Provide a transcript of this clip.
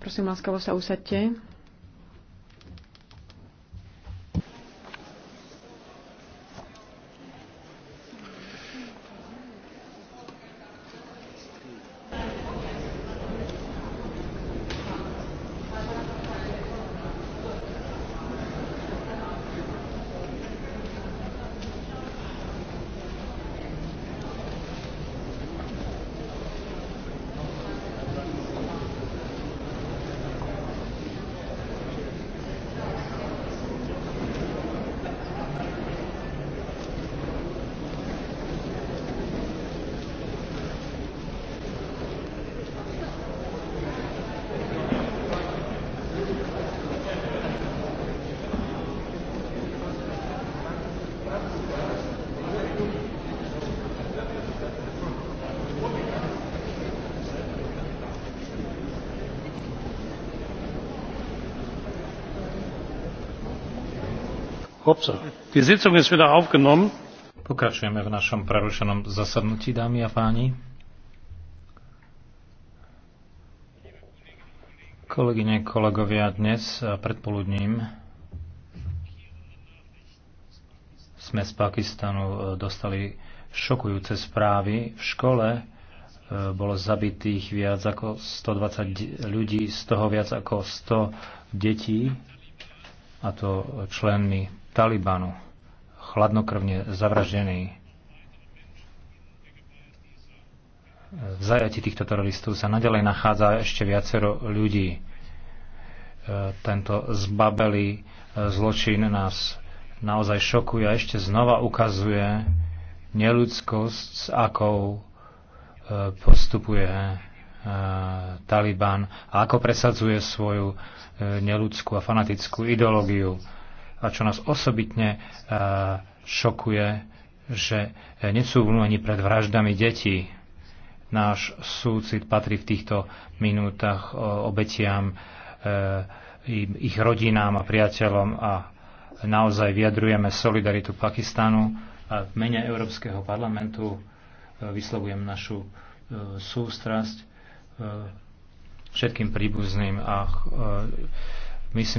Prosím, láskavo sa usadte. Pokračujeme v našom prerušenom zasadnutí, dámy a páni. Kolegyne, kolegovia, dnes predpoludním sme z Pakistanu e, dostali šokujúce správy. V škole e, bolo zabitých viac ako 120 ľudí, z toho viac ako 100 detí, a to členmi Talibanu, chladnokrvne zavraždený. V zajati týchto teroristov sa nadalej nachádza ešte viacero ľudí. E, tento zbabelý e, zločin nás naozaj šokuje a ešte znova ukazuje neludskosť, s akou e, postupuje Taliban a ako presadzuje svoju neludskú a fanatickú ideológiu a čo nás osobitne e, šokuje, že sú ani pred vraždami detí. Náš súcit patrí v týchto minútach e, obetiam, e, ich rodinám a priateľom a naozaj vyjadrujeme solidaritu Pakistanu a v mene Európskeho parlamentu vyslovujem našu sústrasť všetkým príbuzným a myslím,